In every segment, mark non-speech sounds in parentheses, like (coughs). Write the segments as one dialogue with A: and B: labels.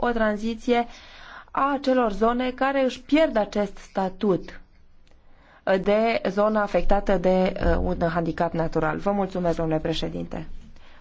A: o tranziție a acelor zone care își pierd acest statut de zona afectată de uh, un handicap natural. Vă mulțumesc, domnule președinte.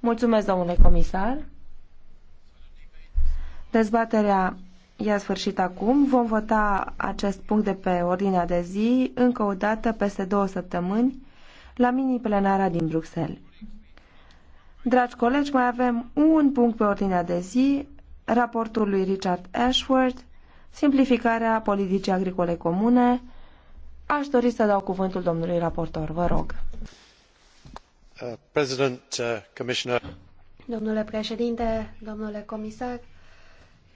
A: Mulțumesc, domnule comisar. Dezbaterea i-a sfârșit acum. Vom vota acest punct de pe ordinea de zi încă o dată peste două săptămâni la mini-plenara din Bruxelles. Dragi colegi, mai avem un punct pe ordinea de zi, raportul lui Richard Ashworth, simplificarea politicii agricole comune. Aș dori să dau cuvântul domnului raportor, vă rog. Uh, uh,
B: domnule președinte, domnule comisar,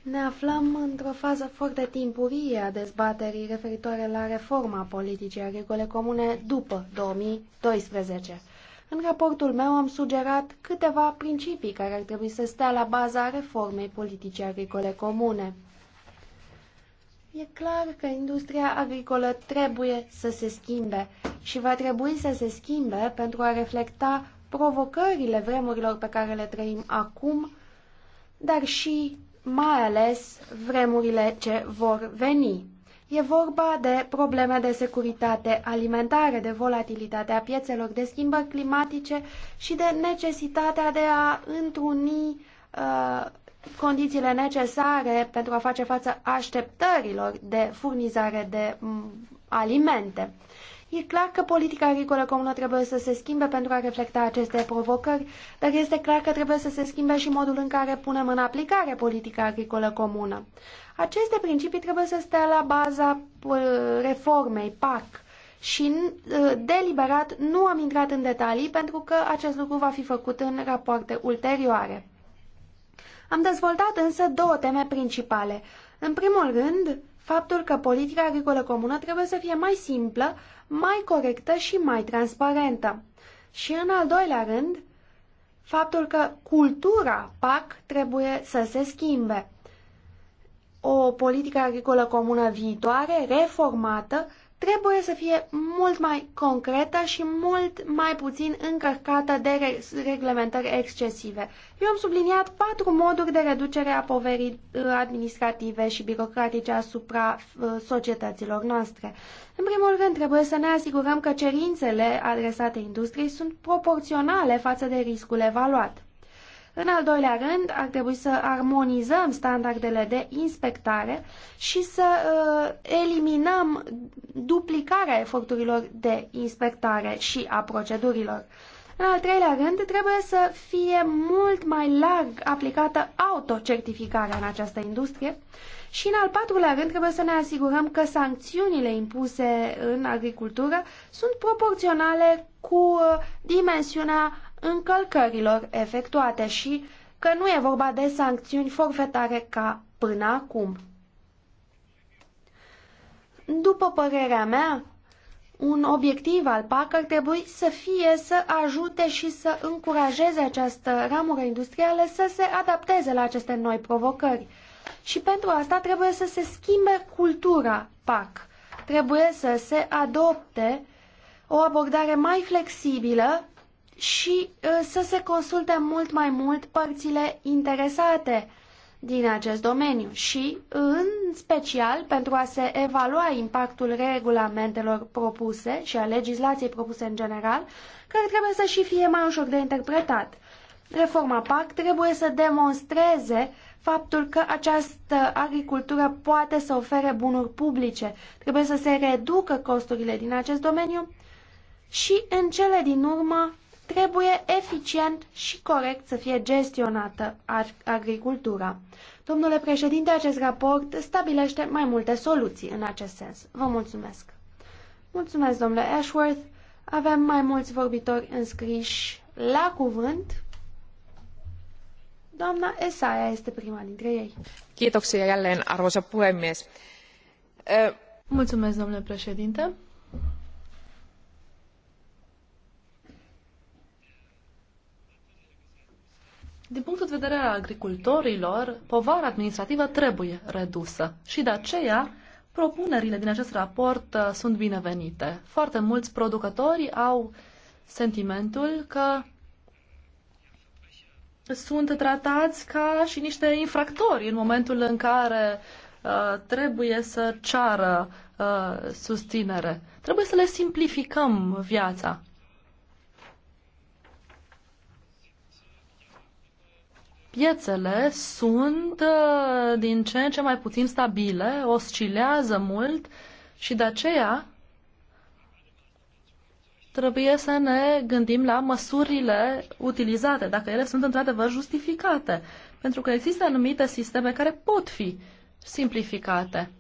B: ne aflăm într-o fază foarte timpurie a dezbaterii referitoare la reforma politicii agricole comune după 2012. În raportul meu am sugerat câteva principii care ar trebui să stea la baza reformei politicii agricole comune. E clar că industria agricolă trebuie să se schimbe și va trebui să se schimbe pentru a reflecta provocările vremurilor pe care le trăim acum, dar și mai ales vremurile ce vor veni. E vorba de probleme de securitate alimentare, de volatilitatea piețelor, de schimbări climatice și de necesitatea de a întruni uh, condițiile necesare pentru a face față așteptărilor de furnizare de um, alimente. E clar că politica agricolă comună trebuie să se schimbe pentru a reflecta aceste provocări, dar este clar că trebuie să se schimbe și modul în care punem în aplicare politica agricolă comună. Aceste principii trebuie să stea la baza reformei PAC și ă, deliberat nu am intrat în detalii pentru că acest lucru va fi făcut în rapoarte ulterioare. Am dezvoltat însă două teme principale. În primul rând, faptul că politica agricolă comună trebuie să fie mai simplă, mai corectă și mai transparentă. Și în al doilea rând, faptul că cultura PAC trebuie să se schimbe. O politică agricolă comună viitoare, reformată, trebuie să fie mult mai concretă și mult mai puțin încărcată de reglementări excesive. Eu am subliniat patru moduri de reducere a poverii uh, administrative și birocratice asupra uh, societăților noastre. În primul rând, trebuie să ne asigurăm că cerințele adresate industriei sunt proporționale față de riscul evaluat. În al doilea rând, ar trebui să armonizăm standardele de inspectare și să uh, eliminăm duplicarea eforturilor de inspectare și a procedurilor. În al treilea rând, trebuie să fie mult mai larg aplicată autocertificarea în această industrie și în al patrulea rând trebuie să ne asigurăm că sancțiunile impuse în agricultură sunt proporționale cu uh, dimensiunea încălcărilor efectuate și că nu e vorba de sancțiuni forfetare ca până acum. După părerea mea, un obiectiv al PAC ar trebui să fie să ajute și să încurajeze această ramură industrială să se adapteze la aceste noi provocări. Și pentru asta trebuie să se schimbe cultura PAC. Trebuie să se adopte o abordare mai flexibilă și uh, să se consulte mult mai mult părțile interesate din acest domeniu și, în special, pentru a se evalua impactul regulamentelor propuse și a legislației propuse în general, care trebuie să și fie mai ușor de interpretat. Reforma PAC trebuie să demonstreze faptul că această agricultură poate să ofere bunuri publice, trebuie să se reducă costurile din acest domeniu și, în cele din urmă, trebuie eficient și corect să fie gestionată agricultura. Domnule președinte, acest raport stabilește mai multe soluții în acest sens. Vă mulțumesc! Mulțumesc, domnule Ashworth! Avem mai mulți vorbitori înscriși la cuvânt. Doamna Esaia este prima dintre ei.
C: Kiitoksia jälleen, arvoisa puhemies. Mulțumesc, domnule președinte. Din punctul de vedere al agricultorilor, povara administrativă trebuie redusă și de aceea propunerile din acest raport uh, sunt binevenite. Foarte mulți producători au sentimentul că sunt tratați ca și niște infractori în momentul în care uh, trebuie să ceară uh, susținere. Trebuie să le simplificăm viața. Piețele sunt uh, din ce în ce mai puțin stabile, oscilează mult și de aceea trebuie să ne gândim la măsurile utilizate, dacă ele sunt într-adevăr justificate. Pentru că există anumite sisteme care pot fi simplificate.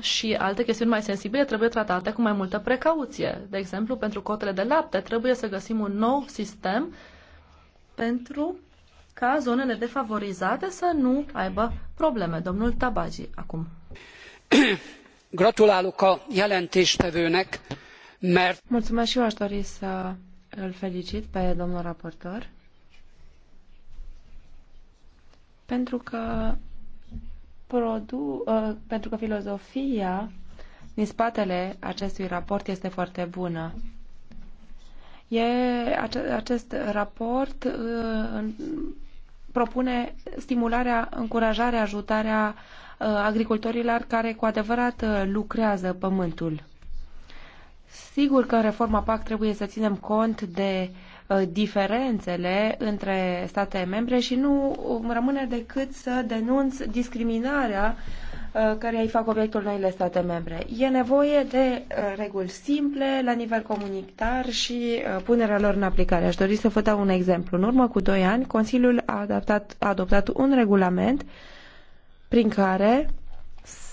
C: Și alte chestiuni mai sensibile trebuie tratate cu mai multă precauție. De exemplu, pentru cotele de lapte trebuie să găsim un nou sistem pentru ca zonele defavorizate să nu aibă probleme. Domnul Tabaji, acum. (coughs) Gratulálok
B: a jelentéstevőnek, mert...
A: Mulțumesc și eu aș dori să îl felicit pe domnul raportor. Pentru că, produ, uh, pentru că filozofia din spatele acestui raport este foarte bună. E, acest raport uh, propune stimularea, încurajarea, ajutarea uh, agricultorilor care cu adevărat uh, lucrează pământul. Sigur că în reforma PAC trebuie să ținem cont de diferențele între state membre și nu rămâne decât să denunț discriminarea uh, Uh, care îi fac obiectul noile state membre. E nevoie de uh, reguli simple la nivel comunitar și uh, punerea lor în aplicare. Aș dori să vă dau un exemplu. În urmă cu doi ani, Consiliul a, adaptat, a adoptat un regulament prin care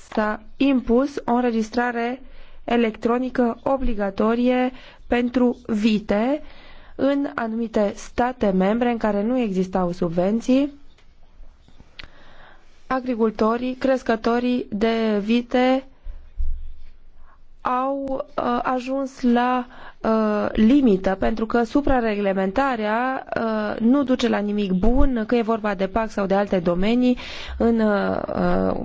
A: s-a impus o înregistrare electronică obligatorie pentru vite în anumite state membre în care nu existau subvenții agricultorii, crescătorii de vite au uh, ajuns la uh, limită, pentru că suprareglementarea uh, nu duce la nimic bun, că e vorba de PAC sau de alte domenii în uh, uh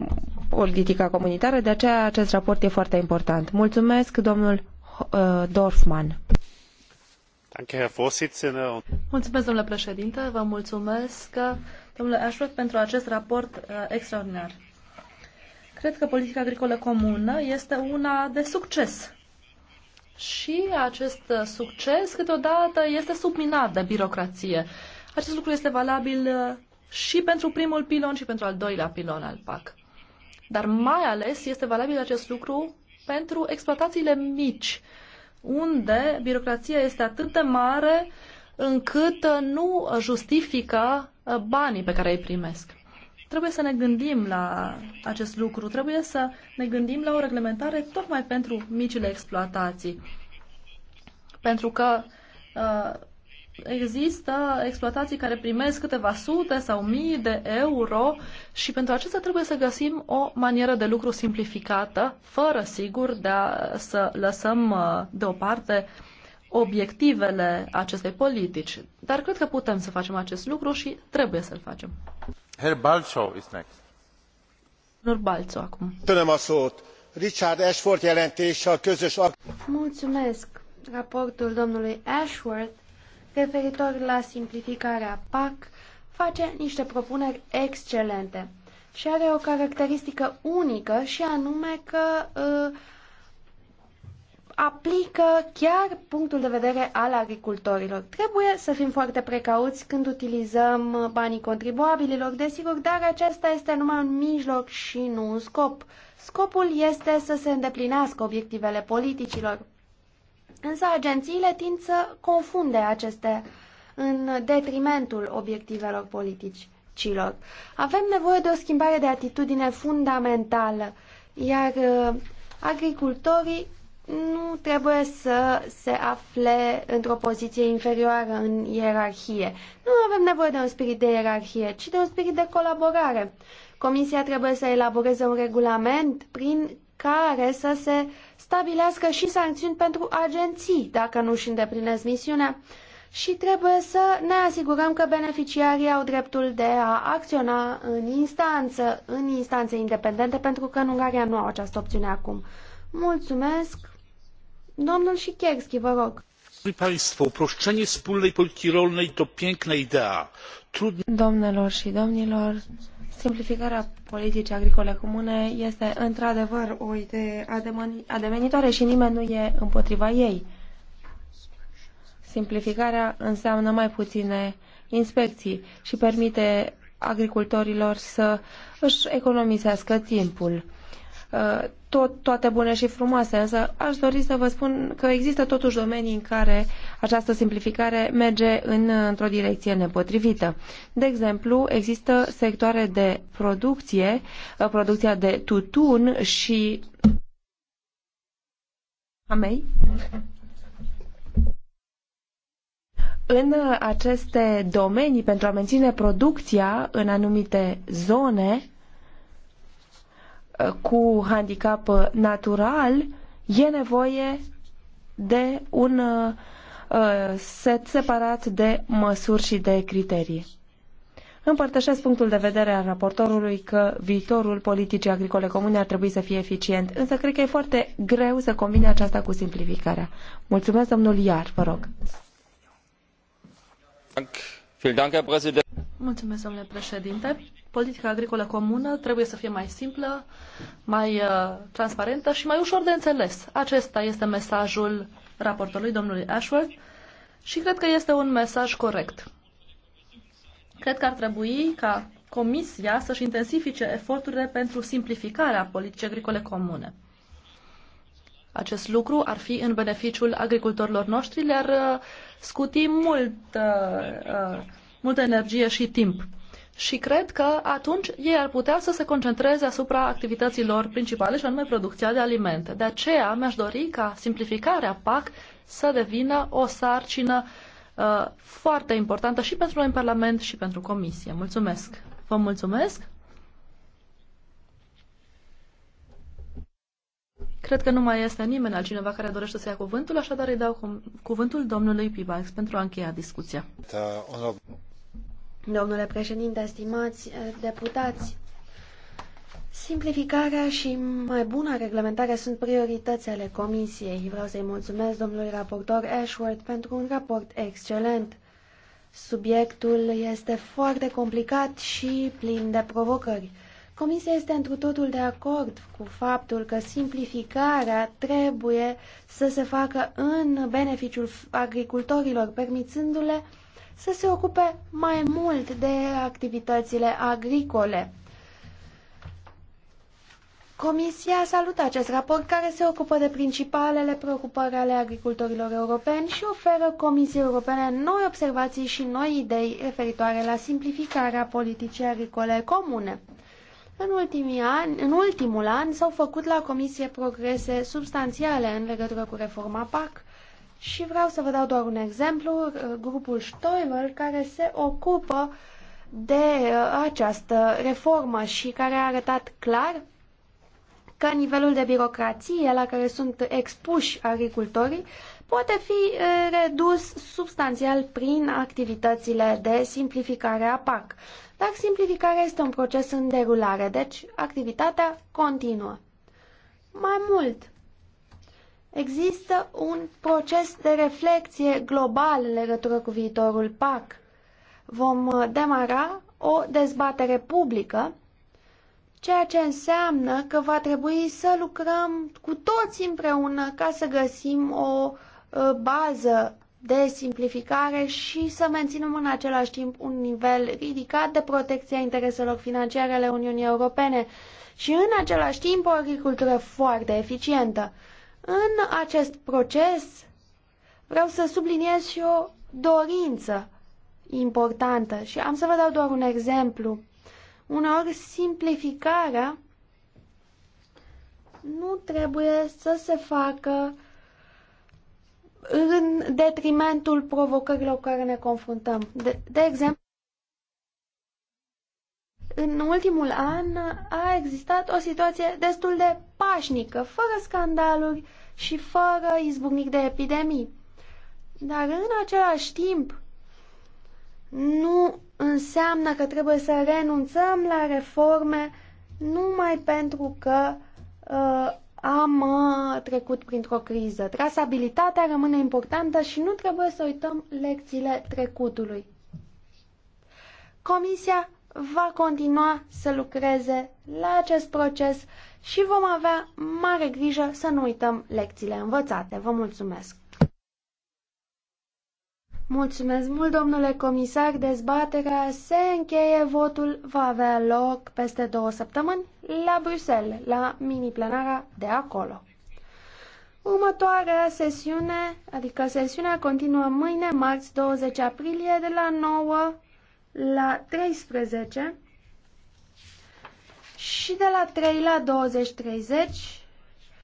A: politica comunitară, de aceea acest raport e foarte important. Mulțumesc, domnul uh, Dorfman.
C: Mulțumesc, domnule președinte, vă mulțumesc. Că domnule Ashworth, pentru acest raport uh, extraordinar. Cred că politica agricolă comună este una de succes. Și acest uh, succes câteodată este subminat de birocrație. Acest lucru este valabil uh, și pentru primul pilon și pentru al doilea pilon al PAC. Dar mai ales este valabil acest lucru pentru exploatațiile mici, unde birocrația este atât de mare uh, încât uh, nu uh, justifică uh, banii pe care îi primesc. Trebuie să ne gândim la acest lucru, trebuie să ne gândim la o reglementare tocmai pentru micile exploatații. Pentru că uh, există exploatații care primesc câteva sute sau mii de euro și pentru acestea trebuie să găsim o manieră de lucru simplificată, fără sigur de a să lăsăm deoparte uh, obiectivele acestei politici. Dar cred că putem să facem acest lucru și trebuie să-l facem. Herr Balco is next. Domnul Balco acum.
A: Richard Ashford jelentése a közös...
B: Mulțumesc. Raportul domnului Ashworth referitor la simplificarea PAC face niște propuneri excelente și are o caracteristică unică și anume că uh, aplică chiar punctul de vedere al agricultorilor. Trebuie să fim foarte precauți când utilizăm banii contribuabililor, desigur, dar acesta este numai un mijloc și nu un scop. Scopul este să se îndeplinească obiectivele politicilor. Însă agențiile tind să confunde aceste în detrimentul obiectivelor politicilor. Avem nevoie de o schimbare de atitudine fundamentală, iar uh, agricultorii nu trebuie să se afle într-o poziție inferioară în ierarhie. Nu avem nevoie de un spirit de ierarhie, ci de un spirit de colaborare. Comisia trebuie să elaboreze un regulament prin care să se stabilească și sancțiuni pentru agenții dacă nu își îndeplinesc misiunea și trebuie să ne asigurăm că beneficiarii au dreptul de a acționa în instanță, în instanțe independente, pentru că în Ungaria nu au această opțiune acum. Mulțumesc. Domnul Sikierski, vă rog.
C: Uproszczenie wspólnej polityki rolnej to piękna idea.
A: Domnilor și domnilor, simplificarea politicii agricole comune este într-adevăr o idee ademenitoare și nimeni nu e împotriva ei. Simplificarea înseamnă mai puține inspecții și permite agricultorilor să își economisească timpul tot, toate bune și frumoase, însă aș dori să vă spun că există totuși domenii în care această simplificare merge în, într-o direcție nepotrivită. De exemplu, există sectoare de producție, uh, producția de tutun și amei. În aceste domenii, pentru a menține producția în anumite zone, cu handicap natural, e nevoie de un uh, set separat de măsuri și de criterii. Împărtășesc punctul de vedere al raportorului că viitorul politicii agricole comune ar trebui să fie eficient, însă cred că e foarte greu să combine aceasta cu simplificarea. Mulțumesc, domnul Iar, vă rog.
C: Mulțumesc, domnule președinte. Politica agricolă comună trebuie să fie mai simplă, mai uh, transparentă și mai ușor de înțeles. Acesta este mesajul raportului domnului Ashworth și cred că este un mesaj corect. Cred că ar trebui ca Comisia să-și intensifice eforturile pentru simplificarea politicii agricole comune. Acest lucru ar fi în beneficiul agricultorilor noștri, le-ar uh, scuti mult uh, uh, multă energie și timp. Și cred că atunci ei ar putea să se concentreze asupra activităților principale și anume producția de alimente. De aceea mi-aș dori ca simplificarea PAC să devină o sarcină uh, foarte importantă și pentru noi în Parlament și pentru Comisie. Mulțumesc! Vă mulțumesc! Cred că nu mai este nimeni altcineva care dorește să ia cuvântul, așadar îi dau cuvântul domnului Pibax pentru a încheia discuția. Da, Domnule președinte, stimați eh, deputați,
B: simplificarea și mai bună reglementare sunt priorități ale Comisiei. Vreau să-i mulțumesc domnului raportor Ashworth pentru un raport excelent. Subiectul este foarte complicat și plin de provocări. Comisia este întru totul de acord cu faptul că simplificarea trebuie să se facă în beneficiul agricultorilor, permițându-le să se ocupe mai mult de activitățile agricole. Comisia salută acest raport care se ocupă de principalele preocupări ale agricultorilor europeni și oferă Comisiei Europene noi observații și noi idei referitoare la simplificarea politicii agricole comune. În, ultimii ani, în ultimul an s-au făcut la Comisie progrese substanțiale în legătură cu reforma PAC și vreau să vă dau doar un exemplu, uh, grupul Stoiber care se ocupă de uh, această reformă și care a arătat clar că nivelul de birocrație la care sunt expuși agricultorii poate fi redus substanțial prin activitățile de simplificare a PAC. Dar simplificarea este un proces în derulare, deci activitatea continuă. Mai mult, există un proces de reflexie global în legătură cu viitorul PAC. Vom demara o dezbatere publică ceea ce înseamnă că va trebui să lucrăm cu toți împreună ca să găsim o Uh, bază de simplificare și să menținem în același timp un nivel ridicat de protecție a intereselor financiare ale Uniunii Europene și în același timp o agricultură foarte eficientă. În acest proces vreau să subliniez și o dorință importantă și am să vă dau doar un exemplu. Uneori simplificarea nu trebuie să se facă uh, în detrimentul provocărilor cu care ne confruntăm. De, de exemplu, în ultimul an a existat o situație destul de pașnică, fără scandaluri și fără izbucnic de epidemii. Dar în același timp, nu înseamnă că trebuie să renunțăm la reforme numai pentru că uh, am uh, trecut printr-o criză. Trasabilitatea rămâne importantă și nu trebuie să uităm lecțiile trecutului. Comisia va continua să lucreze la acest proces și vom avea mare grijă să nu uităm lecțiile învățate. Vă mulțumesc! Mulțumesc mult, domnule comisar. Dezbaterea se încheie. Votul va avea loc peste două săptămâni la Bruxelles, la mini-plenara de acolo. Următoarea sesiune, adică sesiunea continuă mâine, marți 20 aprilie, de la 9 la 13 și de la 3 la 20.30